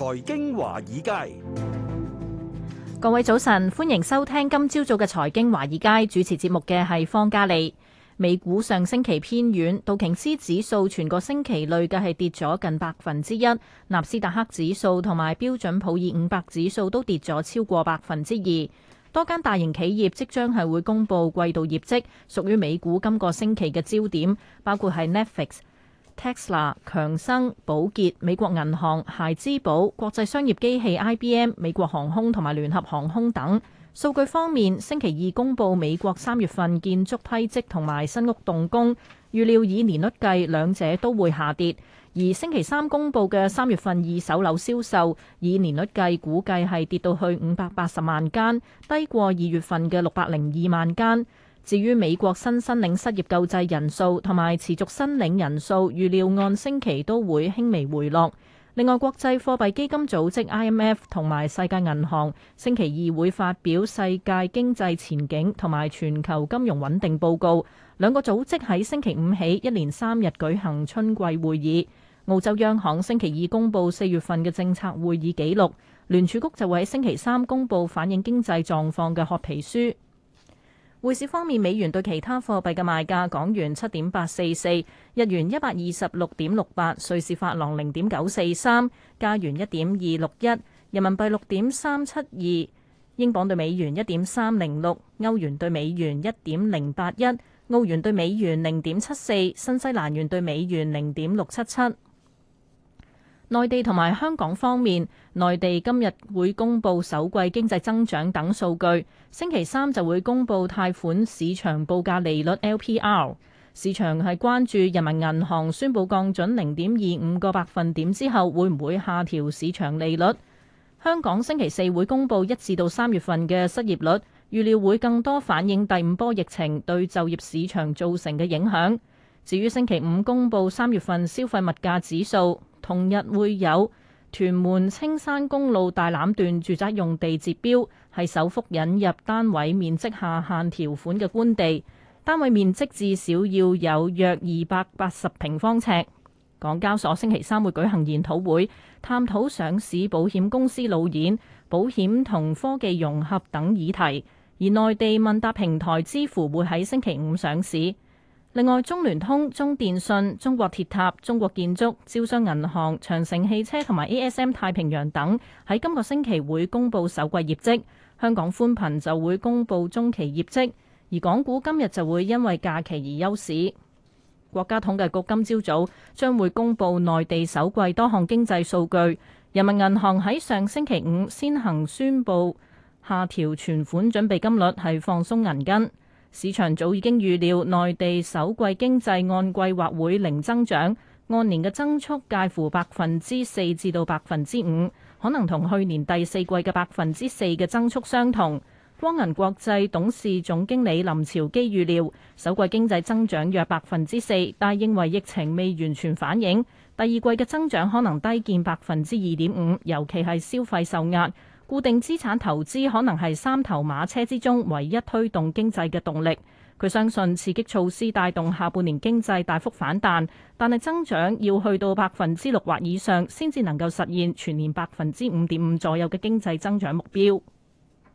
財經華爾街，各位早晨，歡迎收聽今朝早嘅財經華爾街，主持節目嘅係方嘉莉。美股上星期偏軟，道瓊斯指數全個星期累計係跌咗近百分之一，納斯達克指數同埋標準普爾五百指數都跌咗超過百分之二。多間大型企業即將係會公布季度業績，屬於美股今個星期嘅焦點，包括係 Netflix。Tesla、強生、寶潔、美國銀行、孩之寶、國際商業機器 （IBM）、美國航空同埋聯合航空等。數據方面，星期二公佈美國三月份建築批積同埋新屋動工，預料以年率計，兩者都會下跌。而星期三公佈嘅三月份二手樓銷售，以年率計，估計係跌到去五百八十萬間，低過二月份嘅六百零二萬間。至於美國新申領失業救濟人數同埋持續申領人數，預料按星期都會輕微回落。另外，國際貨幣基金組織 （IMF） 同埋世界銀行星期二會發表世界經濟前景同埋全球金融穩定報告。兩個組織喺星期五起一連三日舉行春季會議。澳洲央行星期二公佈四月份嘅政策會議紀錄，聯儲局就會喺星期三公佈反映經濟狀況嘅褐皮書。匯市方面，美元對其他貨幣嘅賣價：港元七點八四四，日元一百二十六點六八，瑞士法郎零點九四三，加元一點二六一，人民幣六點三七二，英鎊兌美元一點三零六，歐元兌美元一點零八一，澳元兌美元零點七四，新西蘭元兌美元零點六七七。內地同埋香港方面，內地今日會公布首季經濟增長等數據，星期三就會公布貸款市場報價利率 （LPR）。PR, 市場係關注人民銀行宣布降準零點二五個百分點之後，會唔會下調市場利率？香港星期四會公布一至到三月份嘅失業率，預料會更多反映第五波疫情對就業市場造成嘅影響。至於星期五公布三月份消費物價指數。同日會有屯門青山公路大欖段住宅用地截標，係首幅引入單位面積下限條款嘅官地，單位面積至少要有約二百八十平方尺。港交所星期三會舉行研討會，探討上市保險公司路演、保險同科技融合等議題，而內地問答平台知乎會喺星期五上市。另外，中聯通、中電信、中國鐵塔、中國建築、招商銀行、長城汽車同埋 ASM 太平洋等喺今個星期會公布首季業績，香港寬頻就會公布中期業績，而港股今日就會因為假期而休市。國家統計局今朝早，早將會公布內地首季多項經濟數據。人民銀行喺上星期五先行宣布下調存款準備金率，係放鬆銀根。市場早已經預料，內地首季經濟按季或會零增長，按年嘅增速介乎百分之四至到百分之五，可能同去年第四季嘅百分之四嘅增速相同。光銀國際董事總經理林朝基預料，首季經濟增長約百分之四，但認為疫情未完全反映，第二季嘅增長可能低見百分之二點五，尤其係消費受壓。固定資產投資可能係三頭馬車之中唯一推動經濟嘅動力。佢相信刺激措施帶動下半年經濟大幅反彈，但係增長要去到百分之六或以上，先至能夠實現全年百分之五點五左右嘅經濟增長目標。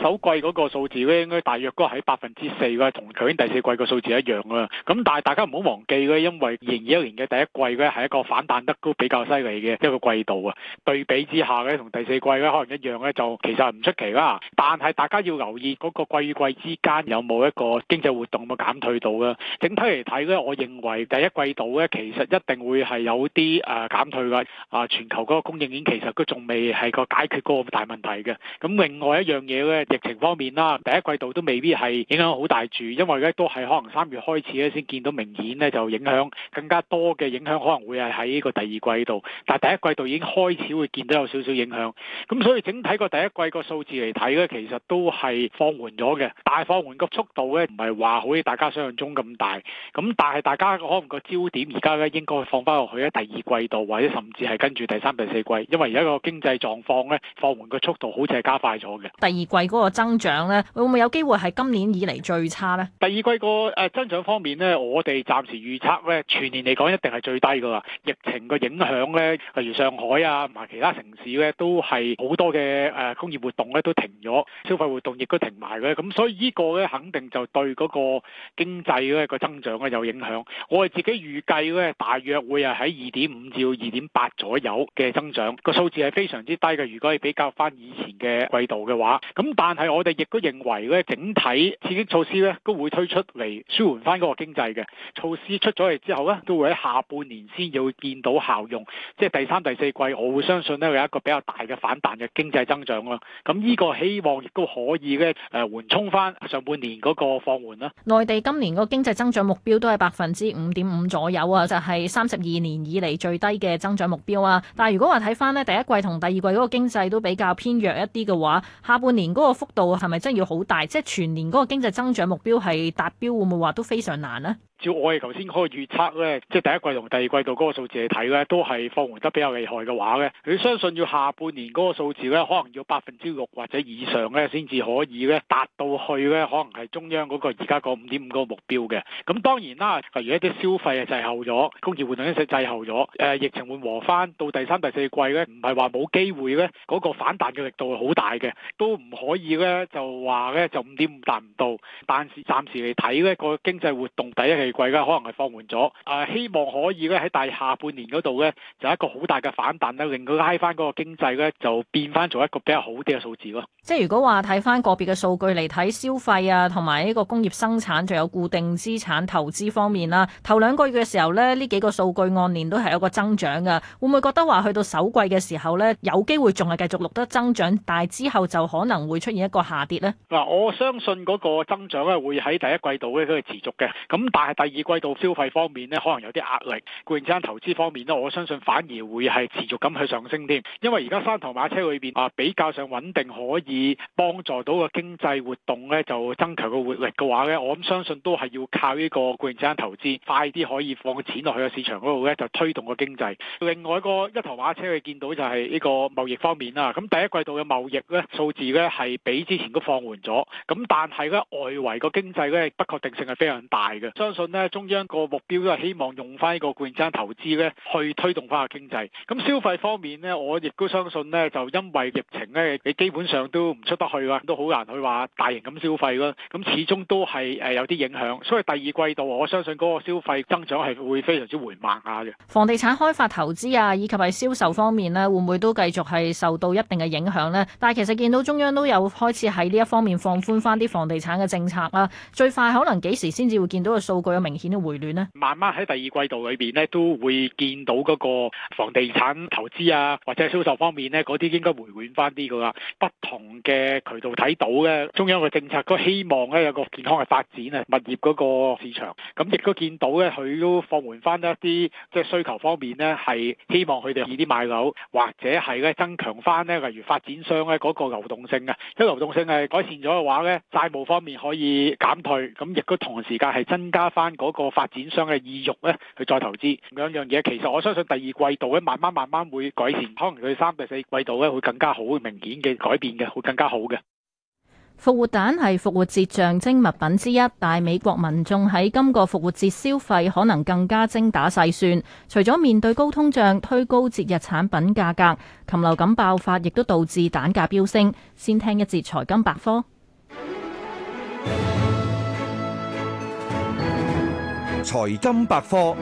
首季嗰個數字咧，應該大約都喺百分之四，同去年第四季個數字一樣啦。咁但係大家唔好忘記咧，因為二零二一年嘅第一季咧係一個反彈得都比較犀利嘅一個季度啊。對比之下咧，同第四季咧可能一樣咧，就其實唔出奇啦。但係大家要留意嗰個季與季之間有冇一個經濟活動有冇減退到啊。整體嚟睇咧，我認為第一季度咧其實一定會係有啲誒減退嘅。啊，全球嗰個供應鏈其實都仲未係個解決個大問題嘅。咁另外一樣嘢咧。疫情方面啦，第一季度都未必係影響好大住，因為咧都係可能三月開始咧先見到明顯咧就影響更加多嘅，影響可能會係喺呢個第二季度。但係第一季度已經開始會見到有少少影響，咁所以整體個第一季個數字嚟睇咧，其實都係放緩咗嘅，但係放緩個速度咧唔係話好似大家想象中咁大。咁但係大家可能個焦點而家咧應該放翻落去咧第二季度，或者甚至係跟住第三、第四季，因為而家個經濟狀況咧放緩個速度好似係加快咗嘅。第二季。嗰個增長咧，會唔會有機會係今年以嚟最差咧？第二季個誒增長方面咧，我哋暫時預測咧，全年嚟講一定係最低噶啦。疫情嘅影響咧，例如上海啊，同埋其他城市咧，都係好多嘅誒工業活動咧都停咗，消費活動亦都停埋嘅。咁所以個呢個咧，肯定就對嗰個經濟咧、嗰個增長咧有影響。我哋自己預計咧，大約會係喺二點五至二點八左右嘅增長，個數字係非常之低嘅。如果係比較翻以前嘅季度嘅話，咁但但係我哋亦都認為咧，整體刺激措施咧都會推出嚟舒緩翻嗰個經濟嘅措施出咗嚟之後咧，都會喺下半年先要見到效用，即係第三、第四季，我會相信咧會有一個比較大嘅反彈嘅經濟增長咯。咁呢個希望亦都可以咧誒緩衝翻上，上半年嗰個放緩啦。內地今年個經濟增長目標都係百分之五點五左右啊，就係三十二年以嚟最低嘅增長目標啊。但係如果話睇翻呢，第一季同第二季嗰個經濟都比較偏弱一啲嘅話，下半年嗰、嗰個幅度係咪真要好大？即係全年嗰個經濟增長目標係達標，會唔會話都非常難呢？照我哋頭先嗰個預測咧，即係第一季同第二季度嗰個數字嚟睇咧，都係放緩得比較厲害嘅話咧，佢相信要下半年嗰個數字咧，可能要百分之六或者以上咧，先至可以咧達到去咧，可能係中央嗰個而家個五點五嗰個目標嘅。咁當然啦，例如一啲消費係滯後咗，工業活動咧滯後咗，誒疫情緩和翻到第三、第四季咧，唔係話冇機會咧，嗰個反彈嘅力度係好大嘅，都唔可以咧就話咧就五點五達唔到，但是暫時嚟睇咧個經濟活動第一貴可能係放緩咗，啊希望可以咧喺大下半年嗰度咧，就一個好大嘅反彈啦，令佢拉翻嗰個經濟咧就變翻做一個比較好啲嘅數字咯。即係如果話睇翻個別嘅數據嚟睇消費啊，同埋呢個工業生產，仲有固定資產投資方面啦，啊，頭兩個月嘅時候咧，呢幾個數據按年都係有個增長㗎，會唔會覺得話去到首季嘅時候咧，有機會仲係繼續錄得增長，但係之後就可能會出現一個下跌呢？嗱，我相信嗰個增長咧會喺第一季度咧佢係持續嘅，咁但係。第二季度消費方面咧，可能有啲壓力。固定資產投資方面咧，我相信反而會係持續咁去上升添。因為而家三頭馬車裏邊啊，比較上穩定，可以幫助到個經濟活動咧，就增強個活力嘅話咧，我咁相信都係要靠呢個固定資產投資，快啲可以放錢落去個市場嗰度咧，就推動個經濟。另外一個一頭馬車你見到就係呢個貿易方面啦。咁第一季度嘅貿易咧數字咧係比之前都放緩咗。咁但係咧，外圍個經濟咧不確定性係非常大嘅，相信。中央個目標都係希望用翻呢個固定資產投資咧，去推動翻個經濟。咁消費方面呢，我亦都相信呢，就因為疫情呢，你基本上都唔出得去啦，都好難去話大型咁消費啦。咁始終都係誒有啲影響，所以第二季度我相信嗰個消費增長係會非常之緩慢啊嘅。房地產開發投資啊，以及係銷售方面呢，會唔會都繼續係受到一定嘅影響呢？但係其實見到中央都有開始喺呢一方面放寬翻啲房地產嘅政策啦。最快可能幾時先至會見到個數據？有明顯嘅回暖咧，慢慢喺第二季度裏邊咧，都會見到嗰個房地產投資啊，或者銷售方面咧，嗰啲應該回暖翻啲噶。不同嘅渠道睇到咧，中央嘅政策都希望咧有個健康嘅發展啊，物業嗰個市場。咁、嗯、亦都見到咧，佢都放緩翻一啲，即係需求方面咧，係希望佢哋易啲買樓，或者係咧增強翻咧，例如發展商咧嗰個流動性啊。因為流動性係改善咗嘅話咧，債務方面可以減退，咁、嗯、亦都同時間係增加翻。嗰個發展商嘅意欲咧，去再投資兩樣嘢，其實我相信第二季度咧，慢慢慢慢會改善，可能佢三到四季度咧，會更加好明顯嘅改變嘅，會更加好嘅。復活蛋係復活節象徵物品之一，但係美國民眾喺今個復活節消費可能更加精打細算。除咗面對高通脹推高節日產品價格，禽流感爆發亦都導致蛋價飆升。先聽一節財金百科。財金百科，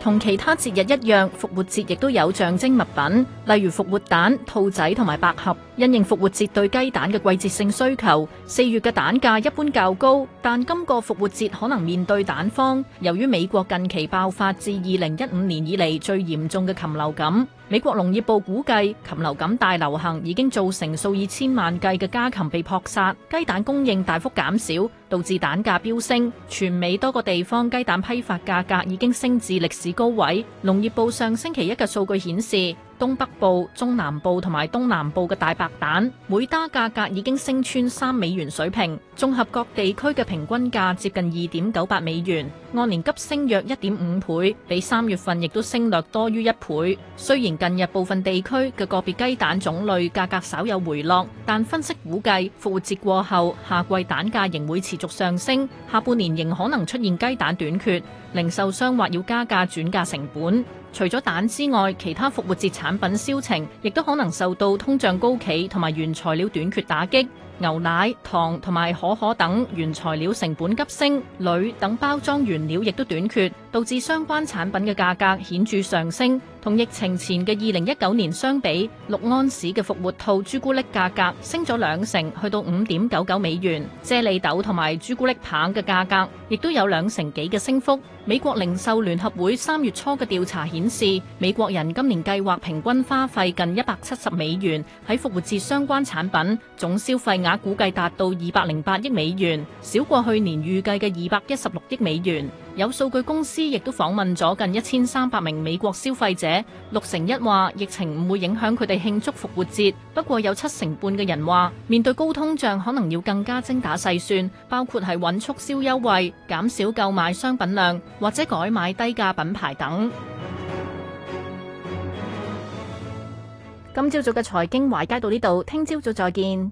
同其他節日一樣，復活節亦都有象徵物品，例如復活蛋、兔仔同埋百合。因應復活節對雞蛋嘅季節性需求，四月嘅蛋價一般較高，但今個復活節可能面對蛋荒。由於美國近期爆發至二零一五年以嚟最嚴重嘅禽流感，美國農業部估計禽流感大流行已經造成數以千萬計嘅家禽被撲殺，雞蛋供應大幅減少，導致蛋價飆升。全美多個地方雞蛋批發價格已經升至歷史高位。農業部上星期一嘅數據顯示，東北部、中南部同埋東南部嘅大白蛋，每打價格已經升穿三美元水平，綜合各地區嘅平均價接近二點九八美元，按年急升約一點五倍，比三月份亦都升略多於一倍。雖然近日部分地區嘅個別雞蛋種類價格稍有回落，但分析估計復活節過後，夏季蛋價仍會持續上升，下半年仍可能出現雞蛋短缺，零售商或要加價轉嫁成本。除咗蛋之外，其他復活節產品銷情亦都可能受到通脹高企同埋原材料短缺打擊。牛奶、糖同埋可可等原材料成本急升，鋁等包裝原料亦都短缺，導致相關產品嘅價格顯著上升。同疫情前嘅二零一九年相比，六盎司嘅復活兔朱古力價格升咗兩成，去到五點九九美元。啫喱豆同埋朱古力棒嘅價格亦都有兩成幾嘅升幅。美國零售聯合會三月初嘅調查顯示，美國人今年計劃平均花費近一百七十美元喺復活節相關產品總消費額也估計達到二百零八億美元，少過去年預計嘅二百一十六億美元。有數據公司亦都訪問咗近一千三百名美國消費者，六成一話疫情唔會影響佢哋慶祝復活節，不過有七成半嘅人話面對高通脹可能要更加精打細算，包括係搵促銷優惠、減少購買商品量或者改買低價品牌等。今朝早嘅財經華爾街到呢度，聽朝早再見。